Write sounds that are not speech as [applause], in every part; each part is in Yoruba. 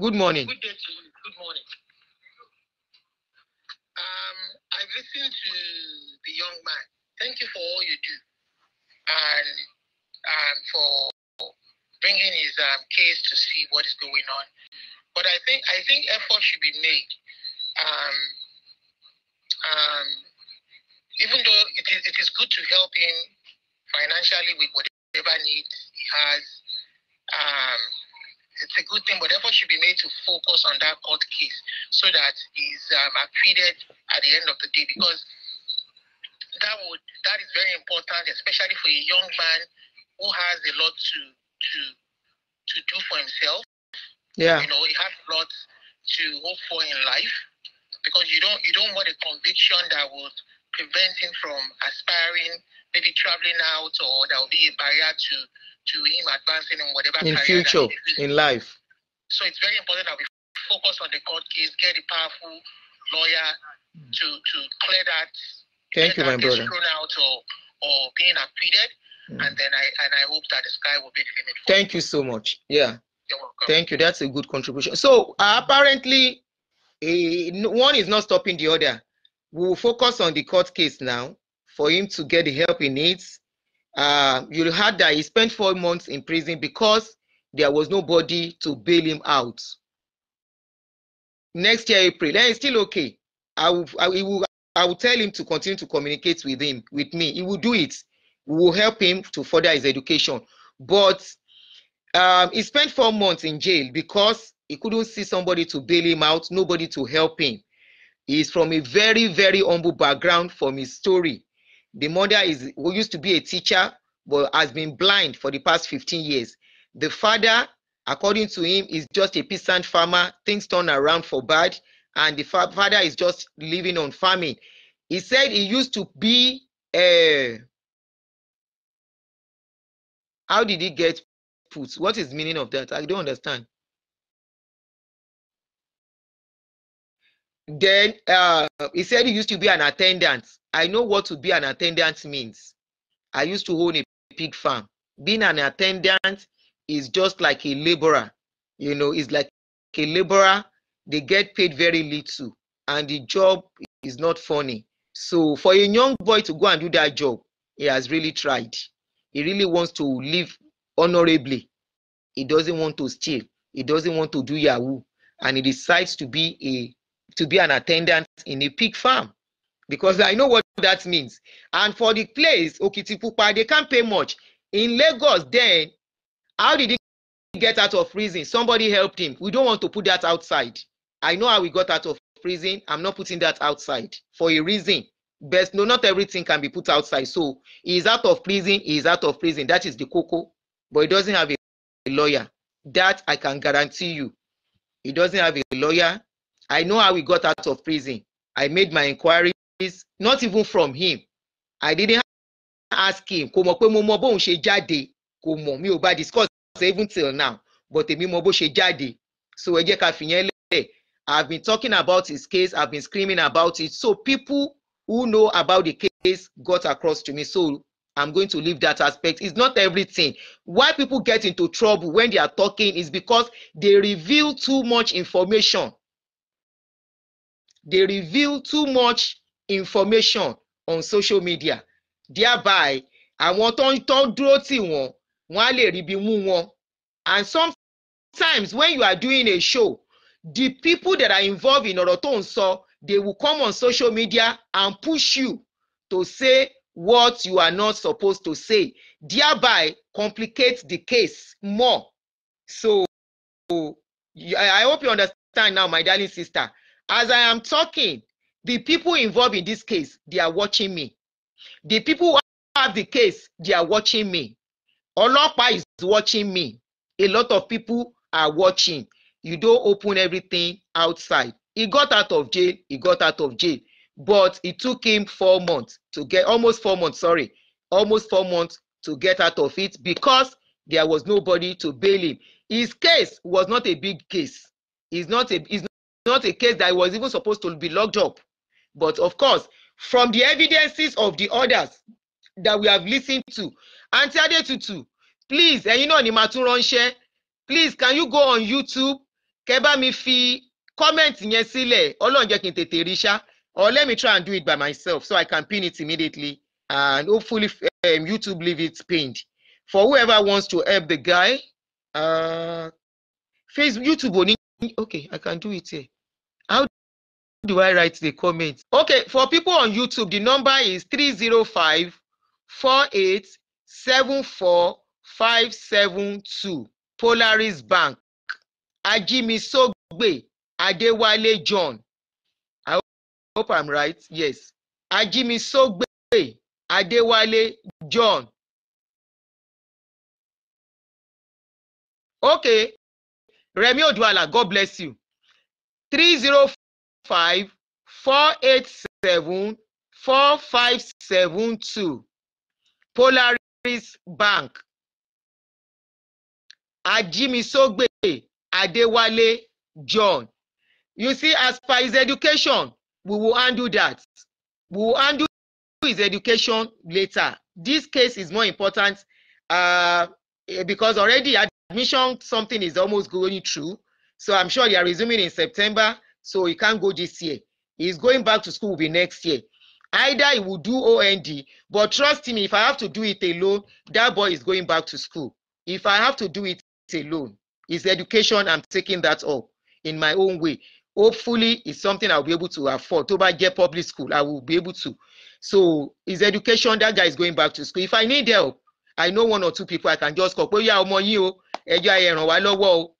Good morning. Good day to you. Good morning. Um, I listened to the young man. Thank you for all you do, and um, for bringing his um, case to see what is going on. But I think I think effort should be made. Um, um, even though it is, it is good to help him financially with whatever needs he has good thing, but effort should be made to focus on that court case so that he's um, acquitted at the end of the day because that would that is very important, especially for a young man who has a lot to to to do for himself. Yeah, you know, he has a lot to hope for in life because you don't you don't want a conviction that would prevent him from aspiring, maybe traveling out, or that will be a barrier to to him advancing in whatever in future in life. So it's very important that we focus on the court case, get a powerful lawyer hmm. to, to clear that. Thank you, that my brother. Out or, or being acquitted. Mm. And then I and I hope that the sky will be the limit. Thank you so much. Yeah. Thank you. That's a good contribution. So uh, apparently, uh, one is not stopping the other. We will focus on the court case now for him to get the help he needs. Uh, you heard that he spent four months in prison because there was nobody to bail him out. Next year, April, then it's still okay. I will, I will, I will tell him to continue to communicate with him, with me. He will do it. We will help him to further his education. But um, he spent four months in jail because he couldn't see somebody to bail him out, nobody to help him. He's from a very, very humble background from his story. The mother is who used to be a teacher, but has been blind for the past 15 years. The father, according to him, is just a peasant farmer. Things turn around for bad, and the father is just living on farming. He said he used to be a. Eh, how did he get put? What is meaning of that? I don't understand. Then uh, he said he used to be an attendant. I know what to be an attendant means. I used to own a pig farm. Being an attendant is just like a laborer. You know, it's like a laborer, they get paid very little, and the job is not funny. So for a young boy to go and do that job, he has really tried. He really wants to live honorably. He doesn't want to steal. He doesn't want to do Yahoo. And he decides to be a to be an attendant in a pig farm. Because I know what that means. And for the place, Okitipupa, they can't pay much. In Lagos, then how did he get out of prison? Somebody helped him. We don't want to put that outside. I know how we got out of prison. I'm not putting that outside for a reason. Best no, not everything can be put outside. So he's out of prison. He's out of prison. That is the cocoa, but he doesn't have a lawyer. That I can guarantee you. He doesn't have a lawyer. I know how he got out of prison. I made my inquiries, not even from him. I didn't ask him. kò mọ̀ mi ò bá discuss even till now but èmi mọ bó ṣe jáde so ẹ jẹ́ ká fìyẹn lẹ̀ I have been talking about his case I've been screaming about it so people who know about the case got across to me so I'm going to leave that aspect. It's not everything. Why people get into trouble when they are talking is because they reveal too much information. They reveal too much information on social media. Thereby, àwọn tó ń tọ́ dúró tì wọ́n and sometimes when you are doing a show the people that are involved in ọ̀rọ̀ tó sọ they will come on social media and push you to say what you are not supposed to say thereby complicate the case more so i hope you understand now my darling sister as i am talking the people involved in this case they are watching me the people who have the case they are watching me Ọlọ́pàá is watching me. A lot of people are watching. You don't open everything outside. He got out of jail. He got out of jail. But it took him four months to get, almost four months, sorry, almost four months to get out of it because there was nobody to bail him. His case was not a big case. It's not a, it's not a case that was even supposed to be locked up. But of course, from the evidences of the others that we have listened to aunty adetutu please ẹ̀yin náà ni màá tún ránṣẹ́ please can you go on youtube kẹ́ bá mi fi comment yẹn sílẹ̀ ọlọ́run jẹ́ kí n tètè rí ṣá or let me try and do it by myself so i can pin it immediately and hopefully um, youtube leave it pinned for whoever wants to help the guy uh, facebook youtube ò okay i can do it here how do i write the comment okay for people on youtube the number is three zero five four eight seven four five seven two Polaris Bank Ajimisogbe Adewale John I hope I'm right yes Ajimisogbe Adewale John okay Remi Oduala God bless you three zero five four eight seven four five seven two polaris bank ajimisogbe adewale john you see as per his education we will handle that we will handle his education later this case is more important uh, eh, because already admission something is almost going through so i'm sure they are resuming in september so he can't go this year he's going back to school will be next year Either he will do OND, but trust me. if I have to do it alone, that boy is going back to school. If I have to do it alone, his education, I'm taking that up in my own way. Hopefully, it's something I'll be able to afford. To buy get public school, I will be able to. So his education, that guy is going back to school. If I need help, I know one or two people I can just call. Pé yá ọmọ yín o, ẹjọ́ ẹ ràn wá lọ́wọ́ o.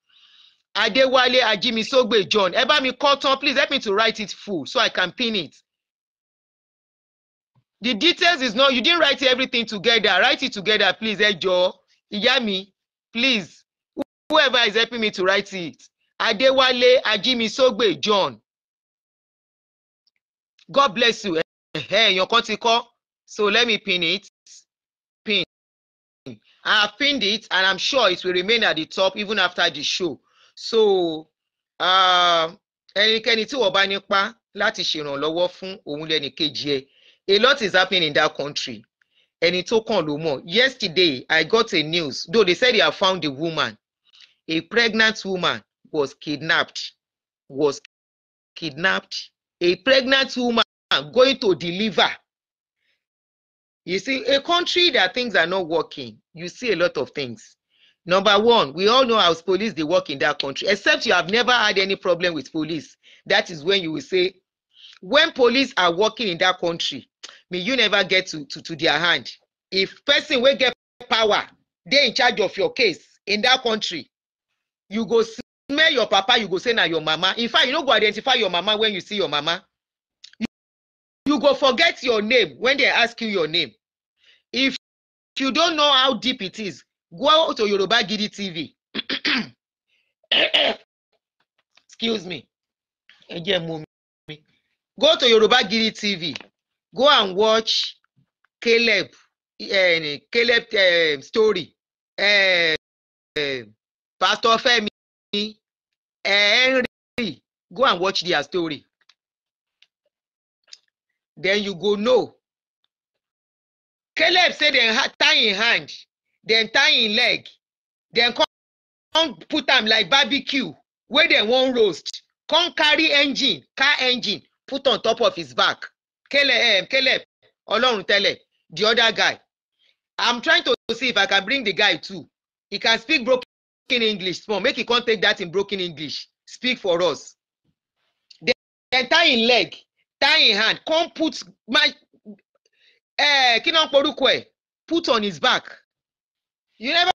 Adéwálé Ajímisógbè John, ẹ bá mi call tán, please help me to write it full so I can pin it the details is not you didn't write everything together write it together please ẹ jọ̀ọ́ ìyá mi please whoever is helping me to write it adéwálé ajímisógbè john god bless you èèyàn kan ti kọ so let me pin it pin i have pinned it and i'm sure it will remain at the top even after the show so ah, ẹnikẹ́ni tí wọ́n bá nípa láti ṣèrànlọ́wọ́ fún òun lẹ́nìkejì ẹ̀ a lot is happening in that country and tó kàn ló Lomo. yesterday i got a news though they said they have found a woman a pregnant woman was kidnapped was kidnapped a pregnant woman going to deliver you see a country that things are not working you see a lot of things number one we all know how police they work in that country except you have never had any problem with police that is when you will say when police are working in that country may you never get to, to, to their hand. If person will get power, they in charge of your case in that country, you go smell your papa, you go say now your mama. In fact, you don't go identify your mama when you see your mama. You, you go forget your name when they ask you your name. If, if you don't know how deep it is, go to Yoruba Gidi TV. [coughs] Excuse me. Again, move me. Go to Yoruba Gidi TV. go and watch caleb uh, caleb uh, story uh, uh, pastor femi uh, henry go and watch their story then you go know caleb say dem tie him hand dem tie him leg dem come put am like barbecue wey dem wan roast come carry engine car engine put on top of his back Caleb, eh, Caleb Ọlọ́run tẹ́lẹ̀ the other guy I'm trying to see if I can bring the guy too he can speak broken English small make he come take that in broken English speak for us then tie in leg tie in hand come put my eh, kí náà ń porúkọ put on his back you never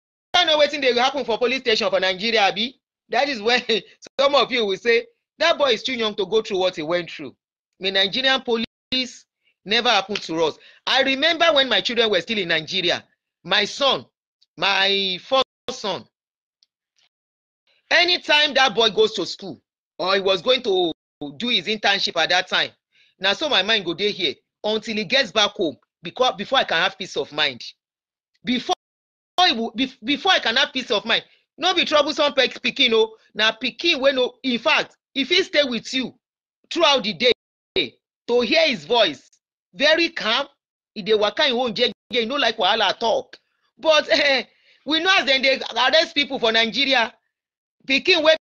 know wetin will happen for police station for Nigeria B. that is when [laughs] some of you will say that boy is too young to go through what he went through may Nigerian police this never happened to us. I remember when my children were still in Nigeria, my son, my first son, anytime that boy goes to school or he was going to do his internship at that time, now so my mind go there here until he gets back home because before I can have peace of mind. Before will, before I can have peace of mind, no be troublesome pikin o. Oh, na pikin wey in fact, if he stay with you throughout the day, to hear his voice very calm they dey in im own jeje you know, like wahala talk but [laughs] eh, we know as then the arrest people for nigeria pikin wey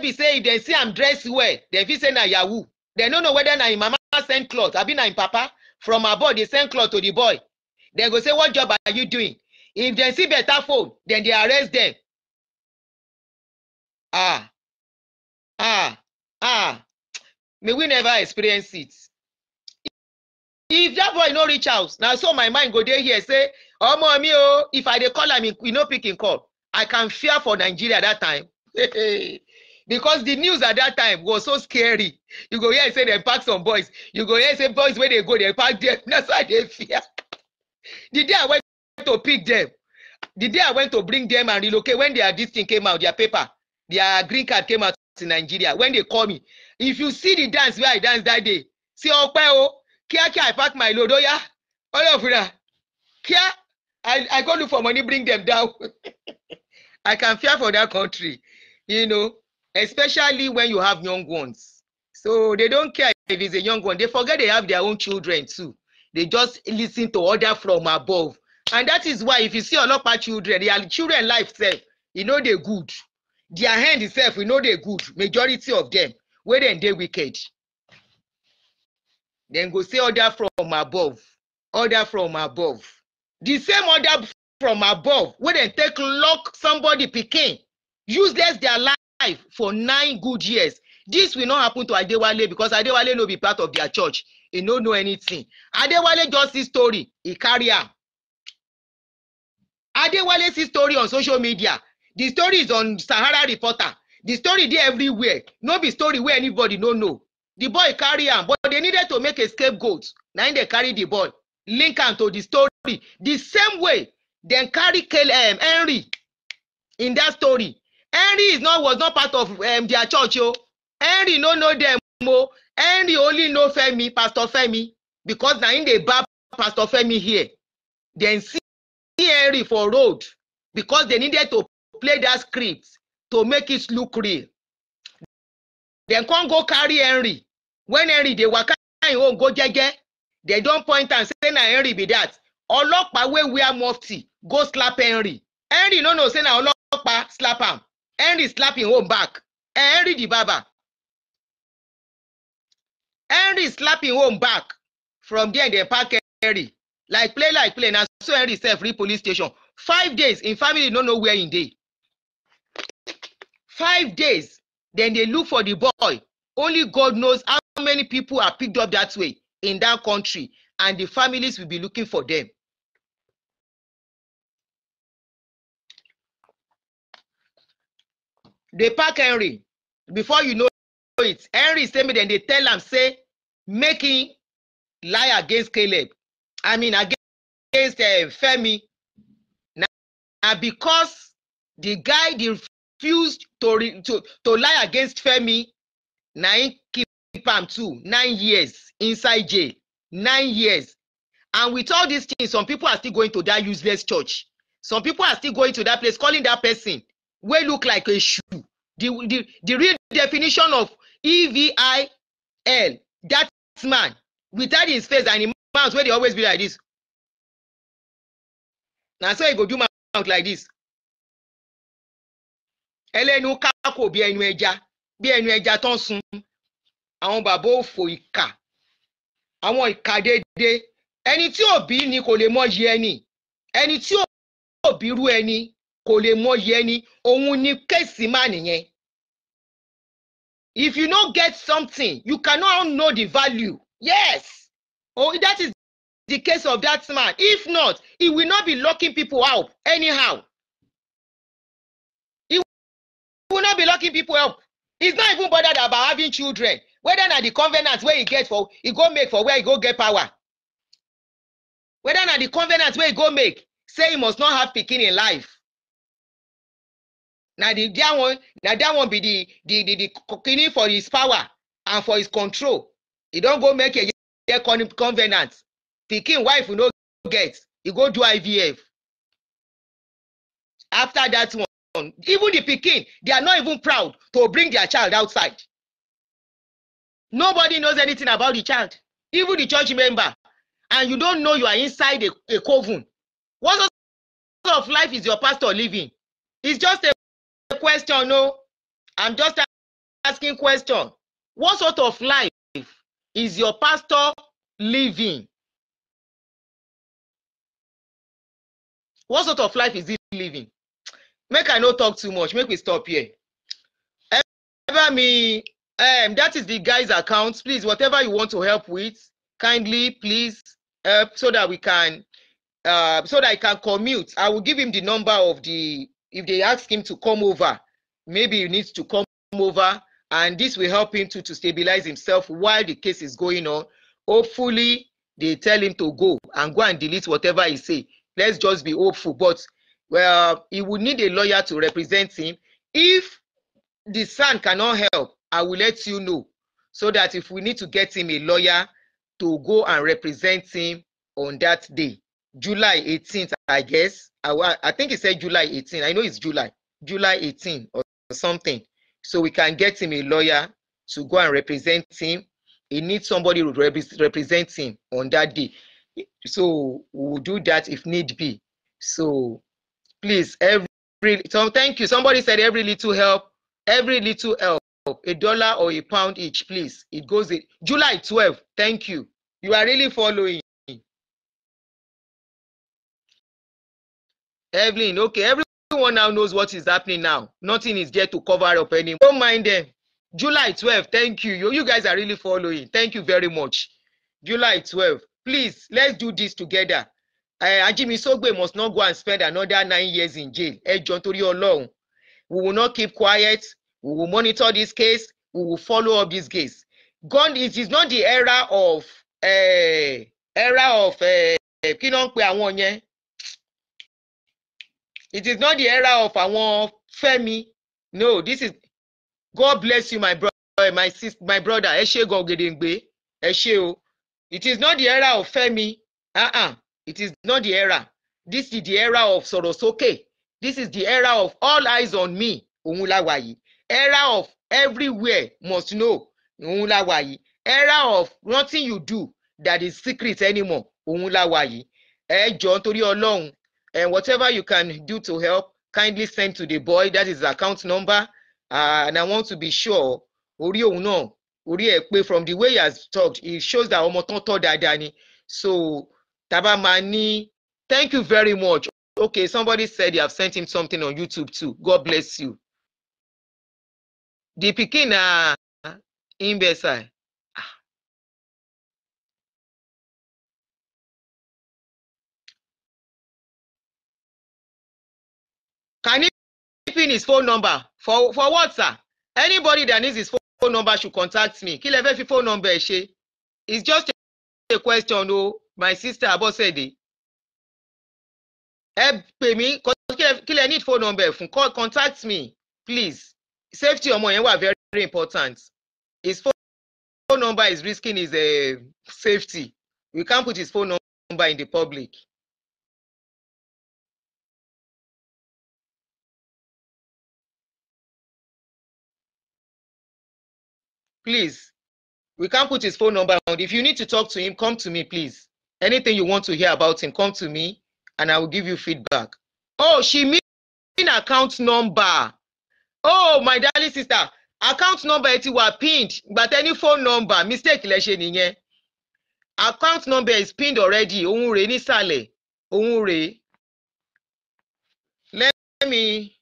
be say if dem see am dress well dem fit say na yahoo dem no know whether na im mama send cloth abi na im papa from abroad dey send cloth to the boy dem go say what job are you doing if dem see better phone dem dey arrest dem ah ah ah may we never experience it if that boy no reach house now so my mind go there here say oh my oh, if i dey call mean we no picking call i can fear for nigeria that time [laughs] because the news at that time was so scary you go hear say they pack some boys you go hear say boys where they go they pack them. [laughs] That's why they fear the day i went to pick them, the day i went to bring them and relocate when their this thing came out their paper their green card came out in nigeria when they call me if you see the dance where i dance that day see ope kíákíá I pack my load ó yá all of una kíá I I go look for money bring them down [laughs] I can fear for that country you know especially when you have young ones so they don't care if it's a young one they forget they have their own children too they just listen to order from above and that is why if you see ọlọ́pàá children their children life sef e no dey good their hand sef e no dey good majority of them wey dem dey wicked Then go say order from above. Order from above. The same order from above wey dem take lock somebody picking. useless their life for nine good years this will not happen to adewale because adewale no be part of their church he no know anything adewale just see story he carry am adewale see story on social media the story is on sahara reporter the story there everywhere no be story where anybody no know the boy carry am but they needed to make a scapegoat na him dey carry the boy link am to the story the same way dem carry kill um, henry in that story henry is not was not part of um, their church o oh. henry no know them o oh. henry only know femi pastor femi because na him dey bar pastor femi here dem see henry for road because they needed to play that script to make it look real dem come go carry henry when Henry dey waka im own go jege dem don point am say na Henry be dat ọlọ́pàá wey wear mufti go slap Henry Henry no know say na ọlọ́pàá slap am Henry slap im own back eh, Henry di baba. Henry slap im own back from there dem park Henry like play like play na so Henry sef reach police station five days im family no know where im dey five days dem dey look for the boy Only God knows how many people are picked up that way in that country, and the families will be looking for them. They pack Henry. Before you know it, Henry is saying, then they tell him, say, making lie against Caleb. I mean, against uh, Femi. Now, because the guy refused to, to, to lie against Femi, na im keep am too nine years inside jail nine years and with all these things some people are still going to that useless church some people are still going to that place calling that person wey look like a shoe the the the real definition of evil that man without his face and him mouth wey dey always be like this na so he go do mouth like this ẹlẹ́nu ká kò bí bí ẹnu ẹja sun àwọn òfò ìkà àwọn ìkà ẹni tí òbí ni kò lè ẹni ẹni tí òbí rú ẹni kò lè ẹni ni If you not get something, you cannot know the value. Yes. Oh, that is the case of that man. If not, he will not be locking people out anyhow. He will not be locking people out. it's not even bothered about having children whether na the covenant where he get for he go make for where he go get power whether na the covenant where he go make say he must not have picking in life Now the that one now that one be the the the the cooking for his power and for his control He don't go make a yeye covenant picking wife no get he go do ivf after that one even the Peking, they are not even proud to bring their child outside. Nobody knows anything about the child, even the church member, and you don't know you are inside a, a coven. What sort of life is your pastor living? It's just a question, no? I'm just asking question. What sort of life is your pastor living? What sort of life is he living? make i not talk too much make we stop here ever me um, that is the guy's account please whatever you want to help with kindly please help so that we can uh, so that i can commute i will give him the number of the if they ask him to come over maybe he needs to come over and this will help him to to stabilize himself while the case is going on hopefully they tell him to go and go and delete whatever he say let's just be hopeful but well, he would need a lawyer to represent him. If the son cannot help, I will let you know so that if we need to get him a lawyer to go and represent him on that day, July 18th, I guess. I, I think he said July 18th. I know it's July, July 18th or something. So we can get him a lawyer to go and represent him. He needs somebody to rep represent him on that day. So we'll do that if need be. So please every so thank you somebody said every little help every little help a dollar or a pound each please it goes in july 12 thank you you are really following evelyn okay everyone now knows what is happening now nothing is there to cover up anymore don't mind them july 12 thank you. you you guys are really following thank you very much july 12 please let's do this together Eh, Ajimi Sogbe must not go and spend another nine years in jail ẹ jọ nítorí we will not keep quiet we will monitor this case we will follow up this case God it is not the era of uh, era of eh, kí ló ń pe àwọn yẹn it is not the era of àwọn Fẹ́mi no this is God bless you my brother my sister, my brother ẹ ṣé gan Ògèdèǹgbé ẹ ṣé o it is not the era of Fẹ́mi uh -uh. It is not the era. This is the era of Sorosoke. This is the era of all eyes on me. Òun Era of everywhere must know. Òun Era of nothing you do that is secret anymore. Òun la wà yìí. Ẹ jọ̀ọ́ nítorí Ọlọ́run. And eh, whatever you can do to help, kindly send to the boy. That is the account number. Uh, and I want to be sure. Orí òun náà. Orí ẹ̀ pé from the way he has talked, it shows that ọmọ tán tọ́ dáadáa ni. So. Taba mani, thank you very much okay somebody said they have sent him something on youtube too god bless you the pikin na ah, imbecile. Ah. Can he pin his phone number for for what sir? Anybody that needs his phone number should contact me. Kí lẹ fẹ́ fi phone number ẹ̀ ṣe? It's just a question o. No? my sister Abosede ẹ pè mí kí lẹ need phone number Phone call contact me please safety ọmọ yẹn wà very very important his phone number is risking his uh, safety we can't put his phone number in the public. Please, we can't put his phone number on. If you need to talk to him, come to me, please. Anything you want to hear about him, come to me and I will give you feedback. Oh, she mean account number. Oh, my darling sister, account number ẹ ti pinned but any phone number mistake lẹ ṣe nìyẹn. Account number is pinned already. Òun rèé nísàlẹ̀. Òun Let me.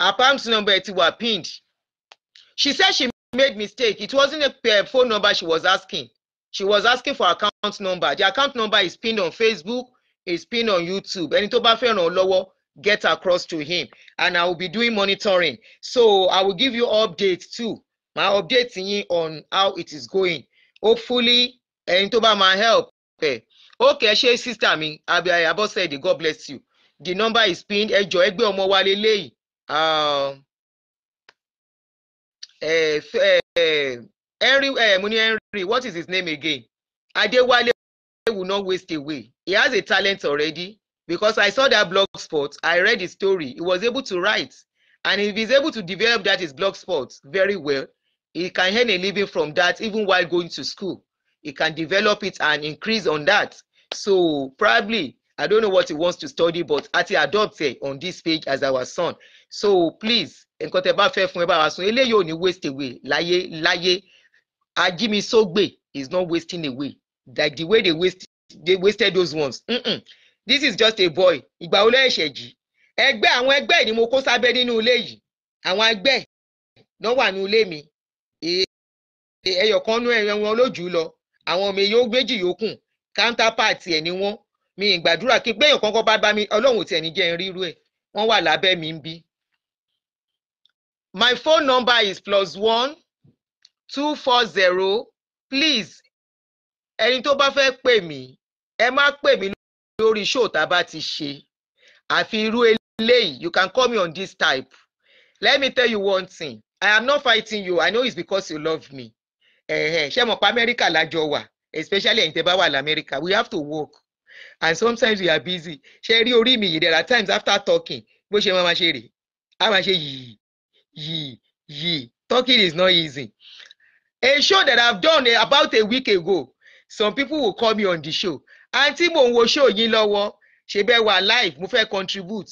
Her number ẹ ti pinned. She said she made mistake. It wasn't a uh, phone number she was asking. She was asking for account number. The account number is pinned on Facebook, is pinned on YouTube. Ẹni tó bá fẹ́ ràn lọ́wọ́, get across to him. And I will be doing monitoring. So I will give you update too. My update yín on how it is going. Hopefully, ẹni tó bá máa help ẹ. Okay, ṣé sister mi, Abia Abosede, God bless you. The number is pinned. Ẹ jọ̀ọ́, ẹ gbé ọmọ wa lélẹ́yìí. Um, uh, uh, Henry, uh, eh, Muni Henry, what is his name again? Adewale will not waste away. He has a talent already because I saw that blog spot. I read his story. He was able to write. And if he's able to develop that his blog spot very well, he can earn a living from that even while going to school. He can develop it and increase on that. So probably, I don't know what he wants to study, but at adopted on this page as our son. so please nǹkan tẹ́ bá fẹ́ fún ẹ bá wa sun eléyìí ò ní waste away láyé láyé ajímisógbè is not wasting away like the way they waste they wasted those ones Mm-mm. this is just a boy ìgbà olú ẹ̀ṣẹ̀ jì ẹgbẹ́ àwọn ẹgbẹ́ ni mo kó sábẹ́ nínú ilé yìí àwọn ẹgbẹ́ náà wà ní ilé mi e, ẹyọ kan nú ẹran wọn lójú lọ àwọn ọmọ èèyàn méjì yòókù counterpart ẹ̀ ni wọ́n mi ìgbàdúrà kí gbẹ̀yìn kankan bá bá mi ọlọ́run tiẹ̀ ní jẹ́ ń rírú ẹ̀ wọ́n wà lábẹ́ mi ń bí My phone number is plus one two four zero please ẹni tó bá fẹ́ pè mí ẹ má pè mí lórí show tá a bá ti ṣe àfi irú eléyìí you can call me on this type let me tell you one thing I am not fighting you I know it's because you love me ṣé mo pa Amẹ́ríkà lájọ wà especially ẹ̀yin tẹ́ bá wà lamẹ́ríkà we have to work and sometimes we are busy ṣe rí orí mi yìí there are times after talking bó ṣe máa ma ṣe rè á máa ṣe yìí ye ye talking is not easy a show that i've done about a week ago some people will call me on the show aunty mo ń wo show yín lọ́wọ́ ṣe bẹ́ẹ̀ wà live mo fẹ́ contribute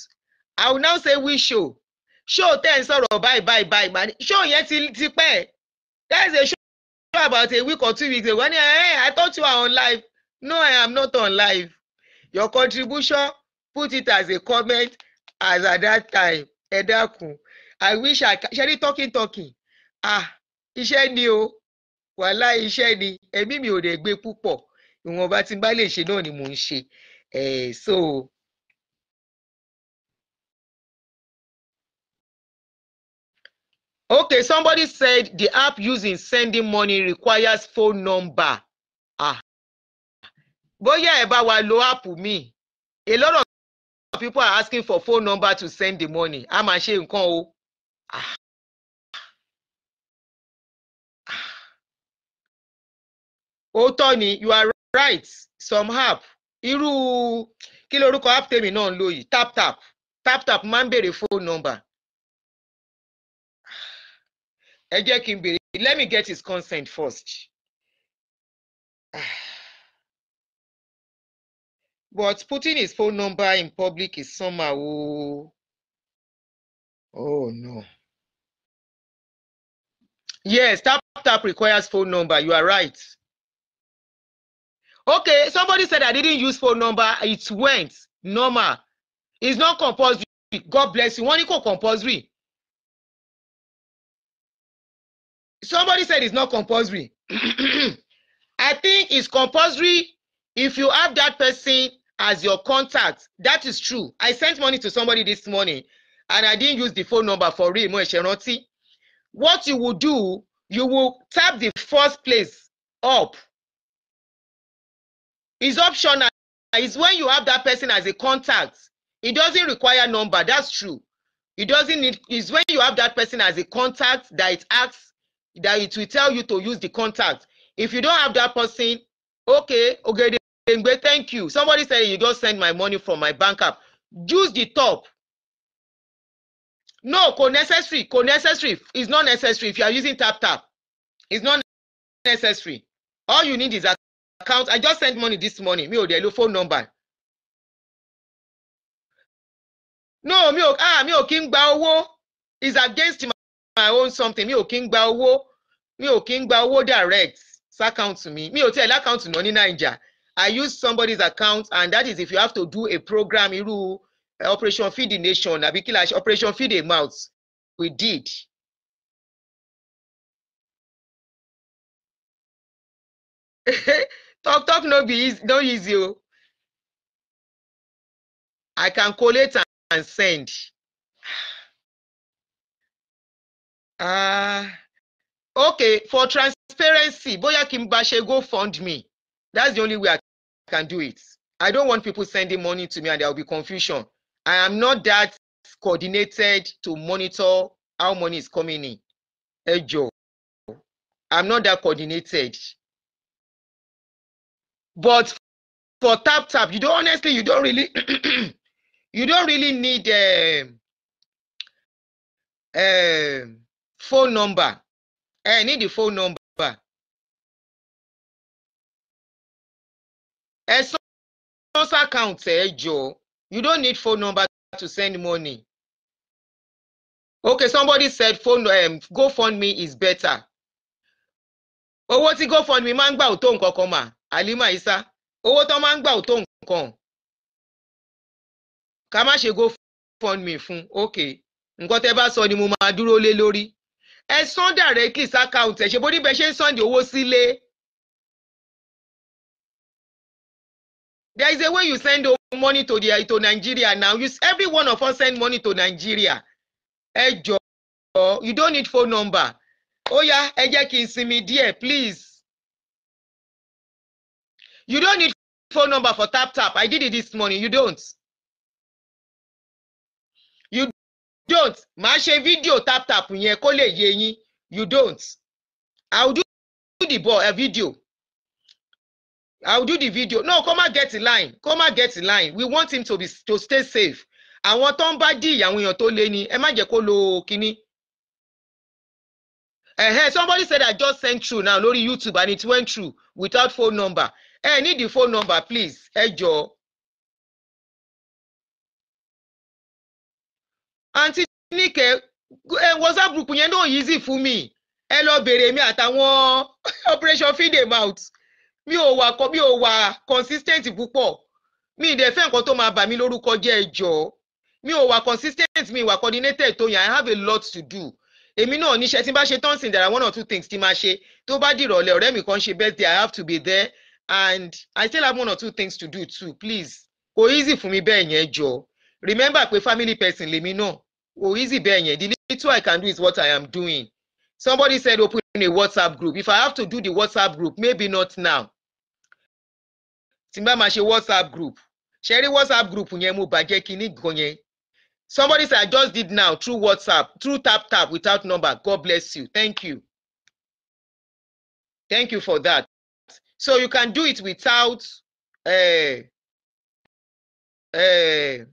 i will now say which show show ten ń bye bye bye. Man, show yẹn ti ti pẹ́ that is a show about a week or two weeks ago. Hey, I thought you were on live. No, I am not on live. Your contribution, put it as a comment as at that time. Ẹ dákun i wish i ṣe ní talking talking ah iṣẹ́ ni o wàhálà iṣẹ́ ni ẹ̀mí mi ò rẹ̀ gbé púpọ̀ ìwọ̀nba tí n bá lè ṣe náà ni mò ń ṣe so. Okay, somebody said the app using sending money requires phone number. Ah. Bóyá ẹ bá wa lo app mi. A lot of people are asking for phone number to send the money. A máa ṣe nǹkan o. Oh ah. ah. Tony, you are right some app irú kí lorúkọ app tèmi non lò tap tap tap tap Man ń phone number ah. ẹ let me get his consent first. But putting his phone number in public is somehow. Oh no. Yes, tap tap requires phone number. You are right. Okay, somebody said I didn't use phone number. It went normal. It's not compulsory. God bless you. One equal compulsory. Somebody said it's not compulsory. [clears throat] I think it's compulsory if you have that person as your contact. That is true. I sent money to somebody this morning and I didn't use the phone number for real. what you will do, you will tap the first place up. Is optional. Is when you have that person as a contact. It doesn't require number. That's true. It doesn't need. Is when you have that person as a contact that it asks that it will tell you to use the contact. If you don't have that person, okay, okay, thank you. Somebody said you just send my money from my bank app. Use the top no kò necessary kò necessary it's not necessary if you are using tap tap it's not necessary all you need is account i just sent money this morning mi o dẹ̀ lo phone number no mi o ah mi o kí ń gba owó is against my, my own something mi o kí ń gba owó mi ò kí ń gba owó direct s'account mi mi ò tiẹ̀ l'account náà ní naija i use somebody's account and that is if you have to do a program irú. You operation feed the nation àbí kí operation feed the mouth we did. [laughs] talk talk no be easy no easy o I can collate and send. Uh, [sighs] okay for transparency Boya kí go fund me. that's the only way I can do it. I don't want people sending money to me and there will be confusion. I am not that coordinated to monitor how money is coming in. Ẹ I'm not that coordinated. But for tap tap, you don't honestly, you don't really, [clears throat] you don't really need a um, uh, um, phone number. I need the phone number. Ẹ sọ account ẹ You don't need phone number to send money. Okay, somebody said phone um, GoFundMe is better. Owó tí GoFundMe máa ń gbà ò tó nǹkan kan mà, Halima Isa. Owó tó máa ń gbà ò tó nǹkan. Ká má ṣe GoFundMe fún. Okay, nǹkan tẹ́ bá sọ ni mo máa dúró lé lórí. Ẹ directly sí account ẹ̀ ṣe bó níbẹ̀ ṣe ń sọ́ndì owó There is a way you send owó. money to the to Nigeria now. You, every one of us send money to Nigeria. Hey, jọ̀ọ́, you don't need phone number. Oh yeah, ẹ jẹ́ can see me dear, please. You don't need phone number for tap tap. I did it this morning. You don't. You don't. Mash a video tap tap yẹn kó Call yé You don't. I will do the ball a video. I will do the video. No, come and get in line. Come and get in line. We want him to be to stay safe. Àwọn tó ń bá dì àwọn èèyàn tó lé ni ẹ má jẹ́ kó lo kínní. uh Somebody said I just sent through now lórí YouTube and it went through without phone number. Ẹ hey, need the phone number please. Ẹ jọ̀ọ́. Àǹtí Níkẹ́ WhatsApp group yẹn náà yìí sì fún mi. Ẹ lọ bèrè mi àtàwọn [laughs] operation feed them out mi ò wà mi ò wà consistent púpọ̀ mi ì dẹ̀ fẹ́ nǹkan tó máa bà mí lórúkọ jẹ́ ẹjọ́ mi ò wà consistent mi wà coordinated tó yàn i have a lot to do èmi náà níṣẹ́ tí n bá ṣe tán sìn one or two things tí máa ṣe tó bá dìrọ̀lẹ́ ọ̀rẹ́ mi kan ṣe birthday i have to be there and i still have one or two things to do too please kò easy fún mi bẹ́ẹ̀ yẹn jọ remember pé family person lèmi náà kò easy bẹ́ẹ̀ yẹn the little i can do is what i am doing somebody said open a whatsapp group if i have to do the whatsapp group maybe not now tí n bá máa ṣe whatsapp group ṣe rí whatsapp group yẹn mo bàjẹ́ kinní gan yẹn somebody say i just did now through whatsapp through tap tap without number god bless you thank you thank you for that so you can do it without uh, eh, uh, eh,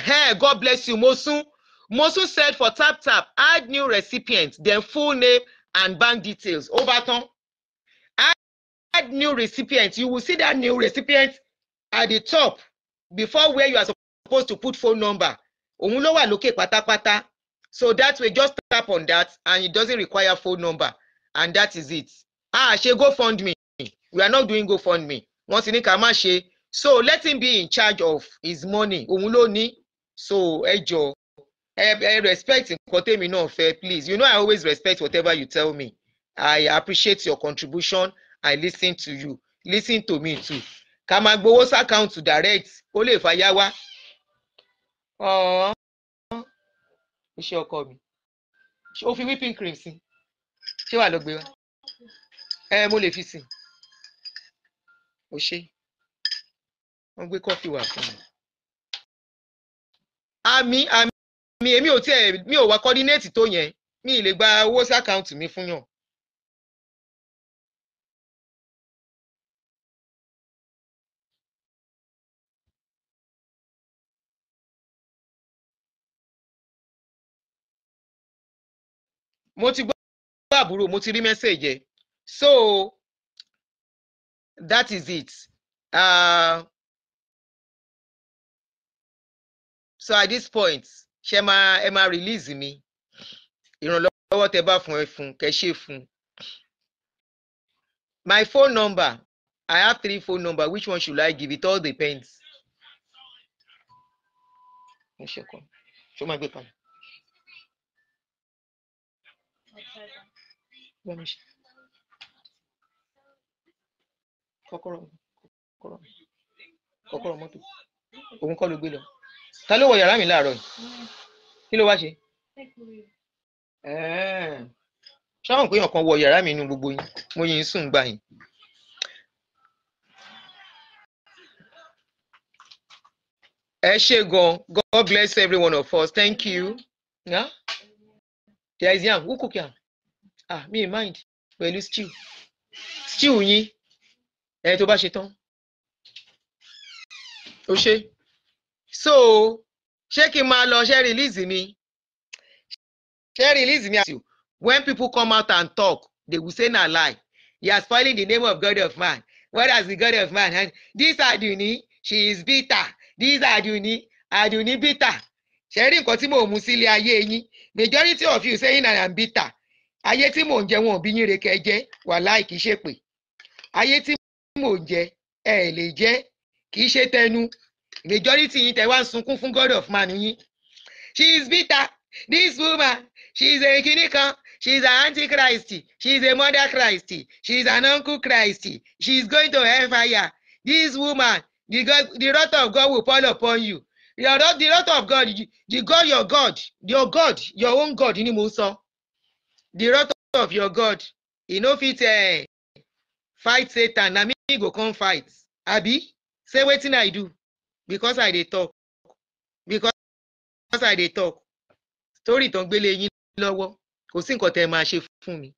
Hey, eh, God bless you, Mosun. Mosun said for tap tap, add new recipient, then full name and bank details. Over Add new recipients. you will see that new recipient at the top before where you are supposed to put phone number. Òun ló wà lókè So that way just tap on that and it doesn't require phone number and that is it. Ah, she go fund me. We are not doing go fund me. Once in má ṣe. So let him be in charge of his money. Òun So ẹ jọ ẹ ẹ respect nǹkan tèmi náà please. You know I always respect whatever you tell me. I appreciate your contribution. I listen to you listen to me too ká máa gbowó sàkáǹtì direct ó lè fa yá wá. iṣẹ́ ọkọ mi ó fi whipping cream sí ṣé wàá lọ gbé wa ẹ mo lè fi sí o ṣe wọ́n gbé kọ́fì wá fún mi. àmì àmì èmi ò tiẹ̀ mi ò wá kọ́dínéètì tó yẹn mi ì lè gba owó sàkáǹtì mi fún yàn mo ti gbọ́ àbúrò mo ti rí mẹ́sẹ̀jì so that is it uh, so at this point ṣe máa ẹ máa release mi ìrànlọ́wọ́ tẹ bá fún ẹ fún kẹ ṣe fún my phone number I have three phone number which one should I give it all depends. Ṣé o máa gbé kalẹ̀? lẹ́nu iṣẹ́ kọ́kọ́rọ́ kọ́kọ́rọ́ kọ́kọ́rọ́ mọ́tò òun kọ́ ló gbé lọ ta ló wọ yàrá mi láàárọ̀ yìí kí ló wá ṣe ṣáwọn pé ọ̀kan wọ yàrá mi inú gbogbo yín mo yìí sùn gbà yín. ẹ ṣe gan God bless every one of us thank you. Yeah? There is yam who cook yam ah mi mind pẹ̀lú stew stew yín ẹ tó bá ṣe tán ó ṣe so ṣé kí n máa lọ ṣe release mi ṣe release mi àti when people come out and talk they will say na lie He are spoiling the name of God of man whereas the God of man and this Aduni, she is bitter this Aduni, Aduni bitter ṣe rí nǹkan tí mò ń mu sílé ayé yín majority of you saying I am bitter ayé tí mò ń jẹ wọn ò bí yín re kẹ́ jẹ wàláì kìí ṣe pé ayé tí mò ń jẹ ẹ lè jẹ kìí ṣe tẹnu majority yín tẹ wá ń sunkún fún god of man yín she is bitter this woman she is a kìnnì kan she is an antichrist she is a mother christ she is an uncle christ she is going to hell fire. this woman the god the wrath of god will fall upon you the wrath the wrath of god the god your god your god your own god ni mo sọ. So the wrath of your god e no fit uh, fight satan na me go come fight abi say wetin i do because i dey talk because i dey talk story tó ń gbélé yín lọ́wọ́ kò sí nǹkan tẹ́ ẹ máa ṣe fún mi